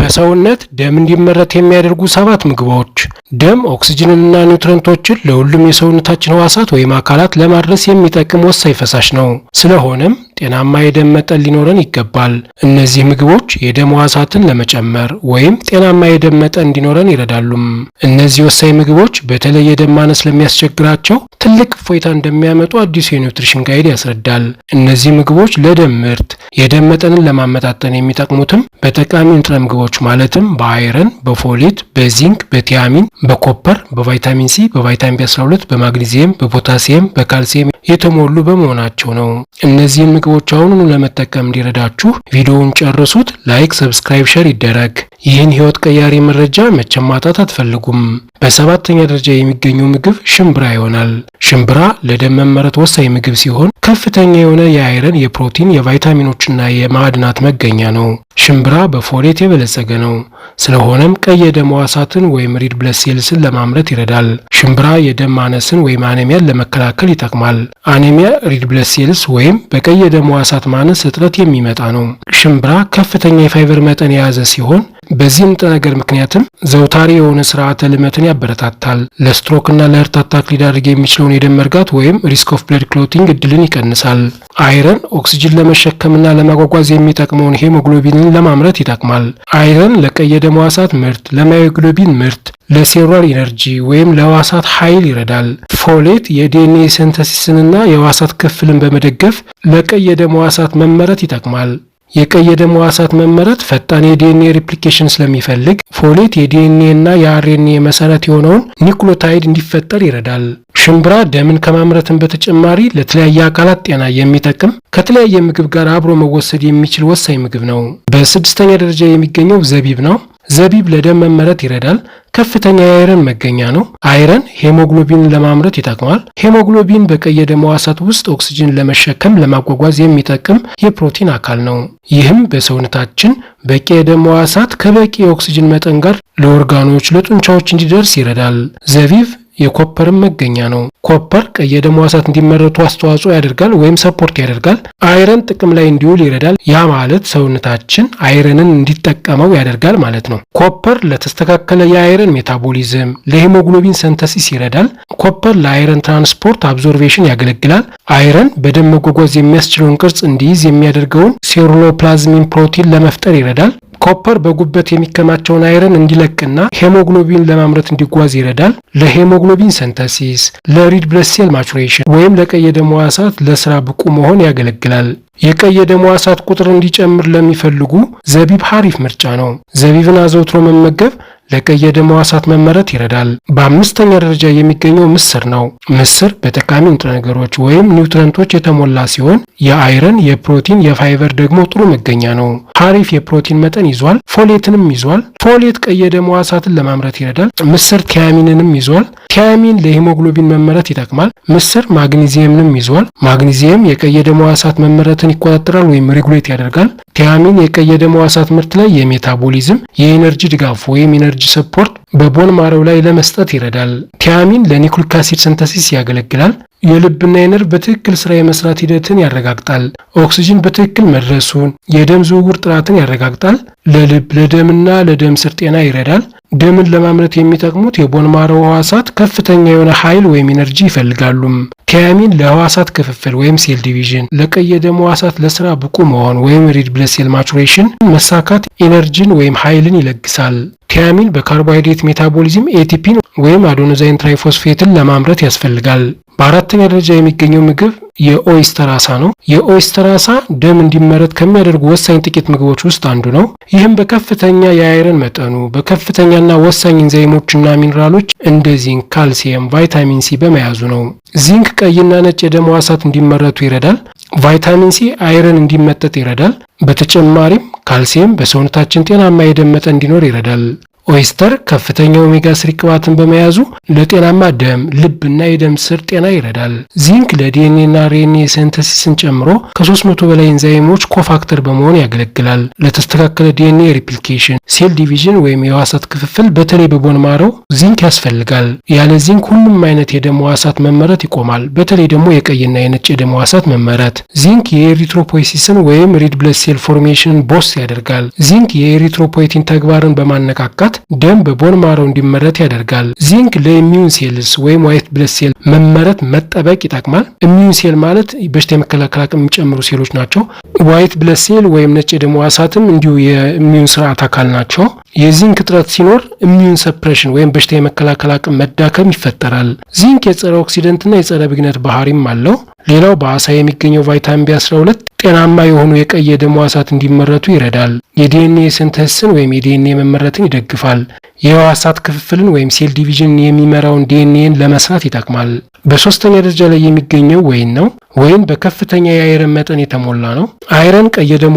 በሰውነት ደም እንዲመረት የሚያደርጉ ሰባት ምግቦች። ደም ኦክስጅንና ኒውትረንቶችን ለሁሉም የሰውነታችን ህዋሳት ወይም አካላት ለማድረስ የሚጠቅም ወሳኝ ፈሳሽ ነው። ስለሆነም ጤናማ የደም መጠን ሊኖረን ይገባል። እነዚህ ምግቦች የደም ህዋሳትን ለመጨመር ወይም ጤናማ የደም መጠን እንዲኖረን ይረዳሉም። እነዚህ ወሳኝ ምግቦች በተለይ የደም ማነስ ለሚያስቸግራቸው ትልቅ እፎይታ እንደሚያመጡ አዲሱ የኒውትሪሽን ጋይድ ያስረዳል። እነዚህ ምግቦች ለደም ምርት የደም መጠንን ለማመጣጠን የሚጠቅሙትም በጠቃሚ ንጥረ ምግቦች ማለትም በአይረን፣ በፎሌት፣ በዚንክ፣ በቲያሚን፣ በኮፐር፣ በቫይታሚን ሲ፣ በቫይታሚን ቢ12፣ በማግኒዚየም፣ በፖታሲየም፣ በካልሲየም የተሞሉ በመሆናቸው ነው። እነዚህን ምግቦች አሁኑኑ ለመጠቀም እንዲረዳችሁ ቪዲዮውን ጨርሱት። ላይክ፣ ሰብስክራይብ፣ ሸር ይደረግ። ይህን ህይወት ቀያሪ መረጃ መቸማጣት አትፈልጉም። በሰባተኛ ደረጃ የሚገኘው ምግብ ሽምብራ ይሆናል። ሽምብራ ለደም መመረት ወሳኝ ምግብ ሲሆን ከፍተኛ የሆነ የአይረን፣ የፕሮቲን፣ የቫይታሚኖችና የማዕድናት መገኛ ነው። ሽምብራ በፎሌት የበለጸገ ነው። ስለሆነም ቀይ የደም ዋሳትን ወይም ሪድ ብለድ ሴልስን ለማምረት ይረዳል። ሽምብራ የደም ማነስን ወይም አኔሚያን ለመከላከል ይጠቅማል። አኔሚያ ሪድ ብለድ ሴልስ ወይም በቀይ የደም ዋሳት ማነስ እጥረት የሚመጣ ነው። ሽምብራ ከፍተኛ የፋይበር መጠን የያዘ ሲሆን በዚህ ንጥረ ነገር ምክንያትም ዘውታሪ የሆነ ስርዓተ ልመትን ያበረታታል። ለስትሮክና ለእርት አታክ ሊዳርግ የሚችለውን የደም መርጋት ወይም ሪስክ ኦፍ ብለድ ክሎቲንግ እድልን ይቀንሳል። አይረን ኦክስጅን ለመሸከምና ለማጓጓዝ የሚጠቅመውን ሄሞግሎቢን ቫይታሚን ለማምረት ይጠቅማል። አይረን ለቀይ የደም ምርት፣ ለማዮግሎቢን ምርት፣ ለሴሉላር ኢነርጂ ወይም ለዋሳት ኃይል ይረዳል። ፎሌት የዲኤንኤ ሰንተሲስንና የዋሳት ክፍልን በመደገፍ ለቀይ የደም ሕዋሳት መመረት ይጠቅማል። የቀይ የደም ሕዋሳት መመረት ፈጣን የዲኤንኤ ሪፕሊኬሽን ስለሚፈልግ ፎሌት የዲኤንኤ እና የአርኤንኤ መሰረት የሆነውን ኒውክሊዮታይድ እንዲፈጠር ይረዳል። ሽምብራ ደምን ከማምረትን በተጨማሪ ለተለያየ አካላት ጤና የሚጠቅም ከተለያየ ምግብ ጋር አብሮ መወሰድ የሚችል ወሳኝ ምግብ ነው። በስድስተኛ ደረጃ የሚገኘው ዘቢብ ነው። ዘቢብ ለደም መመረት ይረዳል። ከፍተኛ የአይረን መገኛ ነው። አይረን ሄሞግሎቢን ለማምረት ይጠቅማል። ሄሞግሎቢን በቀይ የደም ሕዋሳት ውስጥ ኦክስጅን ለመሸከም ለማጓጓዝ የሚጠቅም የፕሮቲን አካል ነው። ይህም በሰውነታችን በቂ የደም ዋሳት ከበቂ የኦክስጅን መጠን ጋር ለኦርጋኖች፣ ለጡንቻዎች እንዲደርስ ይረዳል። ዘቢብ የኮፐርም መገኛ ነው። ኮፐር ቀይ ደም ሕዋሳት እንዲመረቱ አስተዋጽኦ ያደርጋል ወይም ሰፖርት ያደርጋል። አይረን ጥቅም ላይ እንዲውል ይረዳል። ያ ማለት ሰውነታችን አይረንን እንዲጠቀመው ያደርጋል ማለት ነው። ኮፐር ለተስተካከለ የአይረን ሜታቦሊዝም፣ ለሄሞግሎቢን ሰንተሲስ ይረዳል። ኮፐር ለአይረን ትራንስፖርት አብዞርቬሽን ያገለግላል። አይረን በደም መጓጓዝ የሚያስችለውን ቅርጽ እንዲይዝ የሚያደርገውን ሴሩሎፕላዝሚን ፕሮቲን ለመፍጠር ይረዳል። ኮፐር በጉበት የሚከማቸውን አይረን እንዲለቅና ሄሞግሎቢን ለማምረት እንዲጓዝ ይረዳል። ለሄሞግሎቢን ሰንተሲስ፣ ለሪድ ብለሴል ማቹሬሽን ወይም ለቀይ የደም ሕዋሳት ለስራ ብቁ መሆን ያገለግላል። የቀይ የደም ሕዋሳት ቁጥር እንዲጨምር ለሚፈልጉ ዘቢብ ሀሪፍ ምርጫ ነው። ዘቢብን አዘውትሮ መመገብ ለቀየደማ ሕዋሳት መመረት ይረዳል። በአምስተኛ ደረጃ የሚገኘው ምስር ነው። ምስር በጠቃሚ ንጥረ ነገሮች ወይም ኒውትረንቶች የተሞላ ሲሆን የአይረን፣ የፕሮቲን፣ የፋይበር ደግሞ ጥሩ መገኛ ነው። አሪፍ የፕሮቲን መጠን ይዟል። ፎሌትንም ይዟል። ፎሌት ቀየደ መዋሳትን ለማምረት ይረዳል። ምስር ቲያሚንንም ይዟል። ቲያሚን ለሂሞግሎቢን መመረት ይጠቅማል። ምስር ማግኒዚየምንም ይዟል። ማግኒዚየም የቀየደ ሕዋሳት መመረትን ይቆጣጠራል ወይም ሬጉሌት ያደርጋል። ቲያሚን የቀይ የደም ሕዋሳት ምርት ላይ የሜታቦሊዝም የኤነርጂ ድጋፍ ወይም ኤነርጂ ሰፖርት በቦን ማረው ላይ ለመስጠት ይረዳል። ቲያሚን ለኒኩሊክ አሲድ ሰንተሲስ ያገለግላል። የልብና የነርቭ በትክክል ስራ የመስራት ሂደትን ያረጋግጣል። ኦክሲጅን በትክክል መድረሱን፣ የደም ዝውውር ጥራትን ያረጋግጣል። ለልብ ለደምና ለደም ስር ጤና ይረዳል። ደምን ለማምረት የሚጠቅሙት የቦንማሮ ህዋሳት ከፍተኛ የሆነ ኃይል ወይም ኢነርጂ ይፈልጋሉ። ከያሚን ለህዋሳት ክፍፍል ወይም ሴል ዲቪዥን፣ ለቀይ የደም ህዋሳት ለስራ ብቁ መሆን ወይም ሪድ ብለድ ሴል ማቹሬሽን መሳካት ኢነርጂን ወይም ኃይልን ይለግሳል። ቲያሚን በካርቦሃይድሬት ሜታቦሊዝም ኤቲፒን ወይም አዶኖዛይን ትራይፎስፌትን ለማምረት ያስፈልጋል። በአራተኛ ደረጃ የሚገኘው ምግብ የኦይስተር አሳ ነው። የኦይስተር አሳ ደም እንዲመረት ከሚያደርጉ ወሳኝ ጥቂት ምግቦች ውስጥ አንዱ ነው። ይህም በከፍተኛ የአይረን መጠኑ በከፍተኛና ወሳኝ ኢንዛይሞችና ሚኔራሎች እንደ ዚንክ፣ ካልሲየም፣ ቫይታሚን ሲ በመያዙ ነው። ዚንክ ቀይና ነጭ የደም ዋሳት እንዲመረቱ ይረዳል። ቫይታሚን ሲ አይረን እንዲመጠጥ ይረዳል። በተጨማሪም ካልሲየም በሰውነታችን ጤናማ የደም መጠን እንዲኖር ይረዳል። ኦይስተር ከፍተኛ ኦሜጋ ስሪ ቅባትን በመያዙ ለጤናማ ደም፣ ልብና የደም ስር ጤና ይረዳል። ዚንክ ለዲኤንኤና ሬኔ ሴንተሲስን ጨምሮ ከ300 በላይ ኤንዛይሞች ኮፋክተር በመሆን ያገለግላል። ለተስተካከለ ዲኤንኤ ሪፕሊኬሽን፣ ሴል ዲቪዥን ወይም የህዋሳት ክፍፍል በተለይ በቦን ማረው ዚንክ ያስፈልጋል። ያለ ዚንክ ሁሉም አይነት የደም ህዋሳት መመረት ይቆማል። በተለይ ደግሞ የቀይና የነጭ የደም ህዋሳት መመረት። ዚንክ የኤሪትሮፖይሲስን ወይም ሪድ ብለድ ሴል ፎርሜሽን ቦስ ያደርጋል። ዚንክ የኤሪትሮፖይቲን ተግባርን በማነቃቃት በመብላት ደም በቦን ማሮ እንዲመረት ያደርጋል። ዚንክ ለኢሚዩን ሴልስ ወይም ዋይት ብለድ ሴል መመረት መጠበቅ ይጠቅማል። ኢሚዩን ሴል ማለት በሽታ የመከላከል አቅም የሚጨምሩ ሴሎች ናቸው። ዋይት ብለድ ሴል ወይም ነጭ የደም ዋሳትም እንዲሁ የኢሚዩን ስርዓት አካል ናቸው። የዚንክ እጥረት ሲኖር ኢሚዩን ሰፕሬሽን ወይም በሽታ የመከላከል አቅም መዳከም ይፈጠራል። ዚንክ የጸረ ኦክሲደንትና የጸረ ብግነት ባህሪም አለው። ሌላው በአሳ የሚገኘው ቫይታሚን ቢ12 ጤናማ የሆኑ የቀይ የደም ሕዋሳት እንዲመረቱ ይረዳል። የዲኤንኤ ስንተስን ወይም የዲኤንኤ መመረትን ይደግፋል። የህዋሳት ክፍፍልን ወይም ሴል ዲቪዥን የሚመራውን ዲኤንኤን ለመስራት ይጠቅማል። በሶስተኛ ደረጃ ላይ የሚገኘው ወይን ነው። ወይም በከፍተኛ የአይረን መጠን የተሞላ ነው። አይረን ቀይ የደም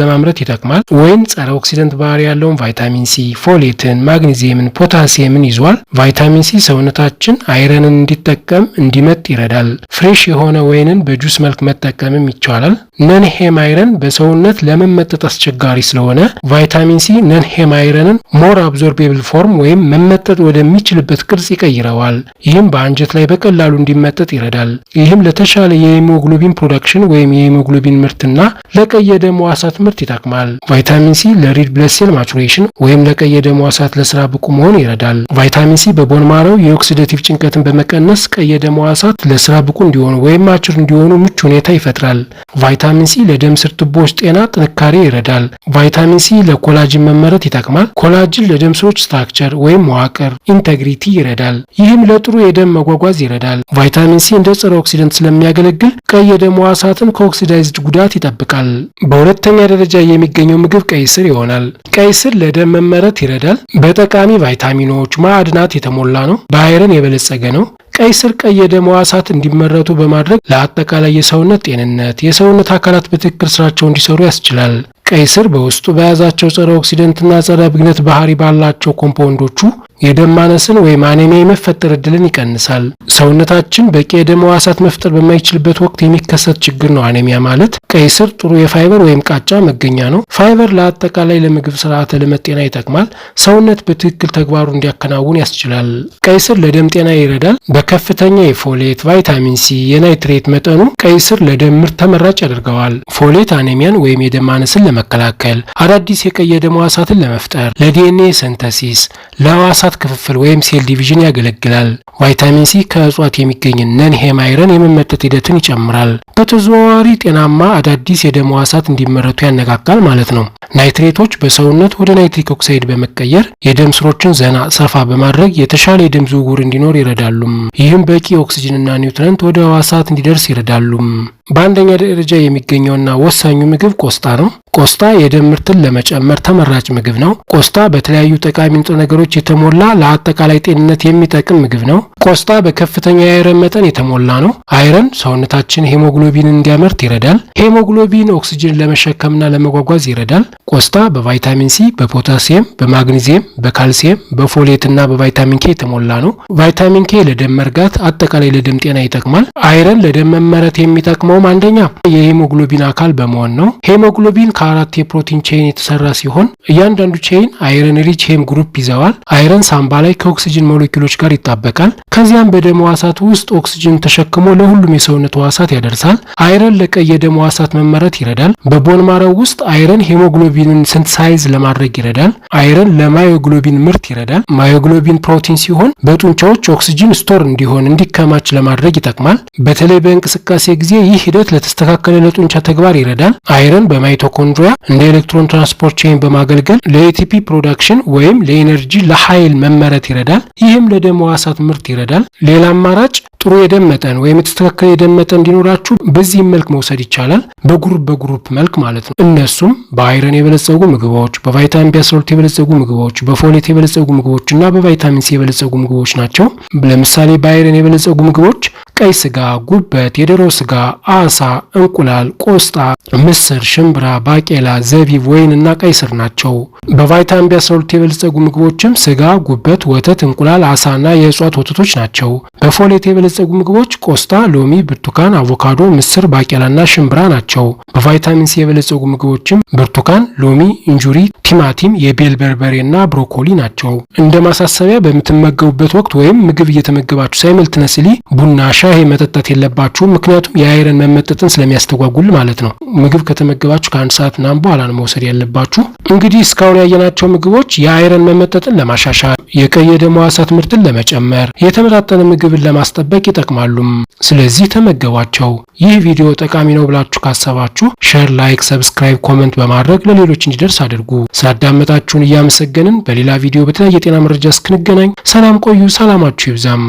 ለማምረት ይጠቅማል። ወይም ጸረ ኦክሲደንት ባህሪ ያለውን ቫይታሚን ሲ፣ ፎሌትን፣ ማግኔዚየምን፣ ፖታሲየምን ይዟል። ቫይታሚን ሲ ሰውነታችን አይረንን እንዲጠቀም እንዲመጥ ይረዳል። ፍሬሽ የሆነ ወይንን በጁስ መልክ መጠቀምም ይቻላል። ነንሄም አይረን በሰውነት ለመመጠጥ አስቸጋሪ ስለሆነ ቫይታሚን ሲ ነንሄም አይረንን ሞር አብዞርቤብል ፎርም ወይም መመጠጥ ወደሚችልበት ቅርጽ ይቀይረዋል። ይህም በአንጀት ላይ በቀላሉ እንዲመጠጥ ይረዳል። ይህም ለተሻለ የ የሂሞግሎቢን ፕሮዳክሽን ወይም የሂሞግሎቢን ምርትና ለቀይ የደም ሕዋሳት ምርት ይጠቅማል። ቫይታሚን ሲ ለሪድ ብለድ ሴል ማቹሬሽን ወይም ለቀይ የደም ሕዋሳት ለስራ ብቁ መሆን ይረዳል። ቫይታሚን ሲ በቦን ማረው የኦክሲደቲቭ ጭንቀትን በመቀነስ ቀይ የደም ሕዋሳት ለስራ ብቁ እንዲሆኑ ወይም ማቹር እንዲሆኑ ምቹ ሁኔታ ይፈጥራል። ቫይታሚን ሲ ለደም ስር ቱቦዎች ጤና ጥንካሬ ይረዳል። ቫይታሚን ሲ ለኮላጅን መመረት ይጠቅማል። ኮላጅን ለደም ስሮች ስትራክቸር ወይም መዋቅር ኢንተግሪቲ ይረዳል። ይህም ለጥሩ የደም መጓጓዝ ይረዳል። ቫይታሚን ሲ እንደ ጸረ ኦክሲደንት ስለሚያገለግል ሲል ቀይ የደም ሕዋሳትን ከኦክሲዳይዝድ ጉዳት ይጠብቃል። በሁለተኛ ደረጃ የሚገኘው ምግብ ቀይ ስር ይሆናል። ቀይ ስር ለደም መመረት ይረዳል። በጠቃሚ ቫይታሚኖች፣ ማዕድናት የተሞላ ነው። በአይረን የበለጸገ ነው። ቀይ ስር ቀይ የደም ሕዋሳት እንዲመረቱ በማድረግ ለአጠቃላይ የሰውነት ጤንነት የሰውነት አካላት በትክክል ስራቸው እንዲሰሩ ያስችላል። ቀይ ስር በውስጡ በያዛቸው ጸረ ኦክሲደንትና ጸረ ብግነት ባህሪ ባላቸው ኮምፓውንዶቹ የደም ማነስን ወይም አኔሚያ የመፈጠር እድልን ይቀንሳል። ሰውነታችን በቂ የደም ዋሳት መፍጠር በማይችልበት ወቅት የሚከሰት ችግር ነው አኔሚያ ማለት። ቀይ ስር ጥሩ የፋይበር ወይም ቃጫ መገኛ ነው። ፋይበር ለአጠቃላይ ለምግብ ስርዓተ ልመት ጤና ይጠቅማል። ሰውነት በትክክል ተግባሩ እንዲያከናውን ያስችላል። ቀይ ስር ለደም ጤና ይረዳል። በከፍተኛ የፎሌት ቫይታሚን ሲ፣ የናይትሬት መጠኑ ቀይ ስር ለደም ምርት ተመራጭ ያደርገዋል። ፎሌት አኔሚያን ወይም የደም ማነስን ለመከላከል፣ አዳዲስ የቀይ የደም ሕዋሳትን ለመፍጠር፣ ለዲኤንኤ ሰንተሲስ፣ ለሕዋሳ የእንስሳት ክፍፍል ወይም ሴል ዲቪዥን ያገለግላል። ቫይታሚን ሲ ከእጽዋት የሚገኝ ነን ሄማይረን የመመጠጥ ሂደትን ይጨምራል። በተዘዋዋሪ ጤናማ አዳዲስ የደም ህዋሳት እንዲመረቱ ያነቃቃል ማለት ነው። ናይትሬቶች በሰውነት ወደ ናይትሪክ ኦክሳይድ በመቀየር የደም ስሮችን ዘና ሰፋ በማድረግ የተሻለ የደም ዝውውር እንዲኖር ይረዳሉም። ይህም በቂ ኦክስጅንና ኒውትረንት ወደ ዋሳት እንዲደርስ ይረዳሉም። በአንደኛ ደረጃ የሚገኘውና ወሳኙ ምግብ ቆስጣ ነው። ቆስጣ የደም ምርትን ለመጨመር ተመራጭ ምግብ ነው። ቆስጣ በተለያዩ ጠቃሚ ንጥረ ነገሮች የተሞላ ለአጠቃላይ ጤንነት የሚጠቅም ምግብ ነው። ቆስጣ በከፍተኛ የአይረን መጠን የተሞላ ነው። አይረን ሰውነታችን ሄሞግሎቢን እንዲያመርት ይረዳል። ሄሞግሎቢን ኦክስጅን ለመሸከምና ለመጓጓዝ ይረዳል። ቆስጣ በቫይታሚን ሲ፣ በፖታሲየም፣ በማግኒዚየም፣ በካልሲየም፣ በፎሌትና በቫይታሚን ኬ የተሞላ ነው። ቫይታሚን ኬ ለደም መርጋት፣ አጠቃላይ ለደም ጤና ይጠቅማል። አይረን ለደም መመረት የሚጠቅመውም አንደኛ የሄሞግሎቢን አካል በመሆን ነው። ሄሞግሎቢን ከአራት የፕሮቲን ቼን የተሰራ ሲሆን እያንዳንዱ ቼን አይረን ሪች ሄም ግሩፕ ይዘዋል። አይረን ሳምባ ላይ ከኦክስጅን ሞለኪውሎች ጋር ይጣበቃል። ከዚያም በደም ዋሳት ውስጥ ኦክስጅን ተሸክሞ ለሁሉም የሰውነት ዋሳት ያደርሳል። አይረን ለቀይ የደም ሕዋሳት መመረት ይረዳል። በቦን ማረው ውስጥ አይረን ሄሞግሎቢንን ሲንተሳይዝ ለማድረግ ይረዳል። አይረን ለማዮግሎቢን ምርት ይረዳል። ማዮግሎቢን ፕሮቲን ሲሆን በጡንቻዎች ኦክስጅን ስቶር እንዲሆን እንዲከማች ለማድረግ ይጠቅማል። በተለይ በእንቅስቃሴ ጊዜ ይህ ሂደት ለተስተካከለ ለጡንቻ ተግባር ይረዳል። አይረን በማይቶኮንድሪያ እንደ ኤሌክትሮን ትራንስፖርት ቼን በማገልገል ለኤቲፒ ፕሮዳክሽን ወይም ለኤነርጂ ለኃይል መመረት ይረዳል። ይህም ለደም ዋሳት ምርት ይረዳል። ሌላ አማራጭ ጥሩ የደም መጠን ወይም የተስተካከለ የደም መጠን እንዲኖራችሁ በዚህም መልክ መውሰድ ይቻላል። በግሩፕ በግሩፕ መልክ ማለት ነው። እነሱም በአይረን የበለጸጉ ምግቦች፣ በቫይታሚን ቢ የበለጸጉ ምግቦች፣ በፎሌት የበለጸጉ ምግቦች እና በቫይታሚን ሲ የበለጸጉ ምግቦች ናቸው። ለምሳሌ በአይረን የበለጸጉ ምግቦች ቀይ ስጋ፣ ጉበት፣ የዶሮ ስጋ፣ አሳ፣ እንቁላል፣ ቆስጣ፣ ምስር፣ ሽምብራ፣ ባቄላ፣ ዘቢብ፣ እና ቀይ ስር ናቸው። በቫይታሚን ቢ12 የበለጸጉ ምግቦችም ስጋ፣ ጉበት፣ ወተት፣ እንቁላል፣ አሳና የእጽዋት ወተቶች ናቸው። በፎሌት የበለጸጉ ምግቦች ቆስጣ፣ ሎሚ፣ ብርቱካን፣ አቮካዶ፣ ምስር፣ ባቄላና ሽምብራ ናቸው። በቫይታሚን ሲ የበለጸጉ ምግቦችም ብርቱካን፣ ሎሚ፣ እንጆሪ፣ ቲማቲም፣ የቤል በርበሬና ብሮኮሊ ናቸው። እንደ ማሳሰቢያ በምትመገቡበት ወቅት ወይም ምግብ እየተመገባችሁ ሳይመልትነስሊ ቡና፣ ሻ ሻይ መጠጣት የለባችሁም። ምክንያቱም የአይረን መመጠጥን ስለሚያስተጓጉል ማለት ነው። ምግብ ከተመገባችሁ ከአንድ ሰዓት ምናምን በኋላ ነው መውሰድ ያለባችሁ። እንግዲህ እስካሁን ያየናቸው ምግቦች የአይረን መመጠጥን ለማሻሻል፣ የቀይ የደም ሕዋሳት ምርትን ለመጨመር፣ የተመጣጠነ ምግብን ለማስጠበቅ ይጠቅማሉም። ስለዚህ ተመገቧቸው። ይህ ቪዲዮ ጠቃሚ ነው ብላችሁ ካሰባችሁ ሸር፣ ላይክ፣ ሰብስክራይብ፣ ኮመንት በማድረግ ለሌሎች እንዲደርስ አድርጉ። ሳዳመጣችሁን እያመሰገንን በሌላ ቪዲዮ በተለያየ የጤና መረጃ እስክንገናኝ ሰላም ቆዩ። ሰላማችሁ ይብዛም።